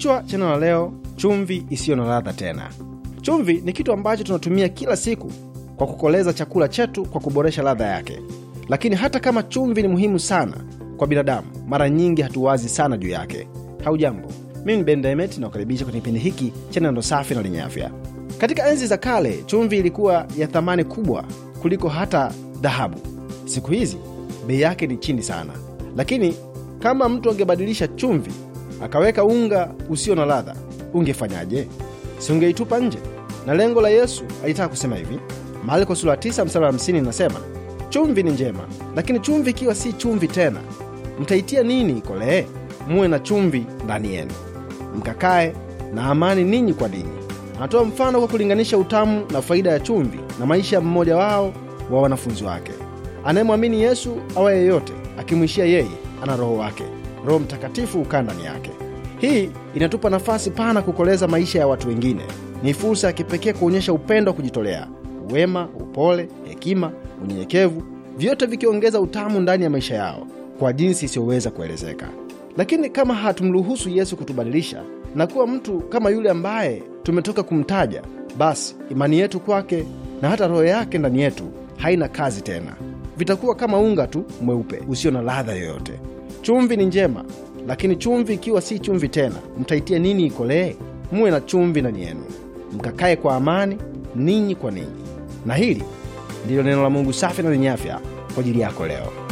Kichwa cha neno la leo, chumvi isiyo na ladha tena. Chumvi ni kitu ambacho tunatumia kila siku kwa kukoleza chakula chetu kwa kuboresha ladha yake, lakini hata kama chumvi ni muhimu sana kwa binadamu, mara nyingi hatuwazi sana juu yake. Haujambo, mimi ni Ben Demet na kwenye kipindi hiki cha neno safi na lenye afya. Katika enzi za kale, chumvi ilikuwa ya thamani kubwa kuliko hata dhahabu. Siku hizi bei yake ni chini sana, lakini kama mtu angebadilisha chumvi akaweka unga usio na ladha, ungefanyaje? Si ungeitupa nje? Na lengo la Yesu alitaka kusema hivi. Marko sura 9 mstari wa 50 inasema, chumvi ni njema, lakini chumvi ikiwa si chumvi tena, mtaitia nini kolee Muwe na chumvi ndani yenu, mkakae na amani ninyi kwa ninyi. Anatoa mfano kwa kulinganisha utamu na faida ya chumvi na maisha ya mmoja wao wa wanafunzi wake. Anayemwamini Yesu awa yeyote akimwishia yeye, ana Roho wake. Roho Mtakatifu ukaa ndani yake. Hii inatupa nafasi pana kukoleza maisha ya watu wengine. Ni fursa ya kipekee kuonyesha upendo wa kujitolea, wema, upole, hekima, unyenyekevu, vyote vikiongeza utamu ndani ya maisha yao kwa jinsi isiyoweza kuelezeka. Lakini kama hatumruhusu Yesu kutubadilisha na kuwa mtu kama yule ambaye tumetoka kumtaja, basi imani yetu kwake na hata roho yake ndani yetu haina kazi tena. Vitakuwa kama unga tu mweupe usio na ladha yoyote. Chumvi ni njema, lakini chumvi ikiwa si chumvi tena, mtaitia nini ikolee? Muwe na chumvi ndani yenu, mkakaye kwa amani ninyi kwa ninyi. Na hili ndilo neno la Mungu safi na lenye afya kwa ajili yako leo.